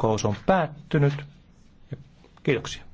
kokous on päättynyt. Kiitoksia.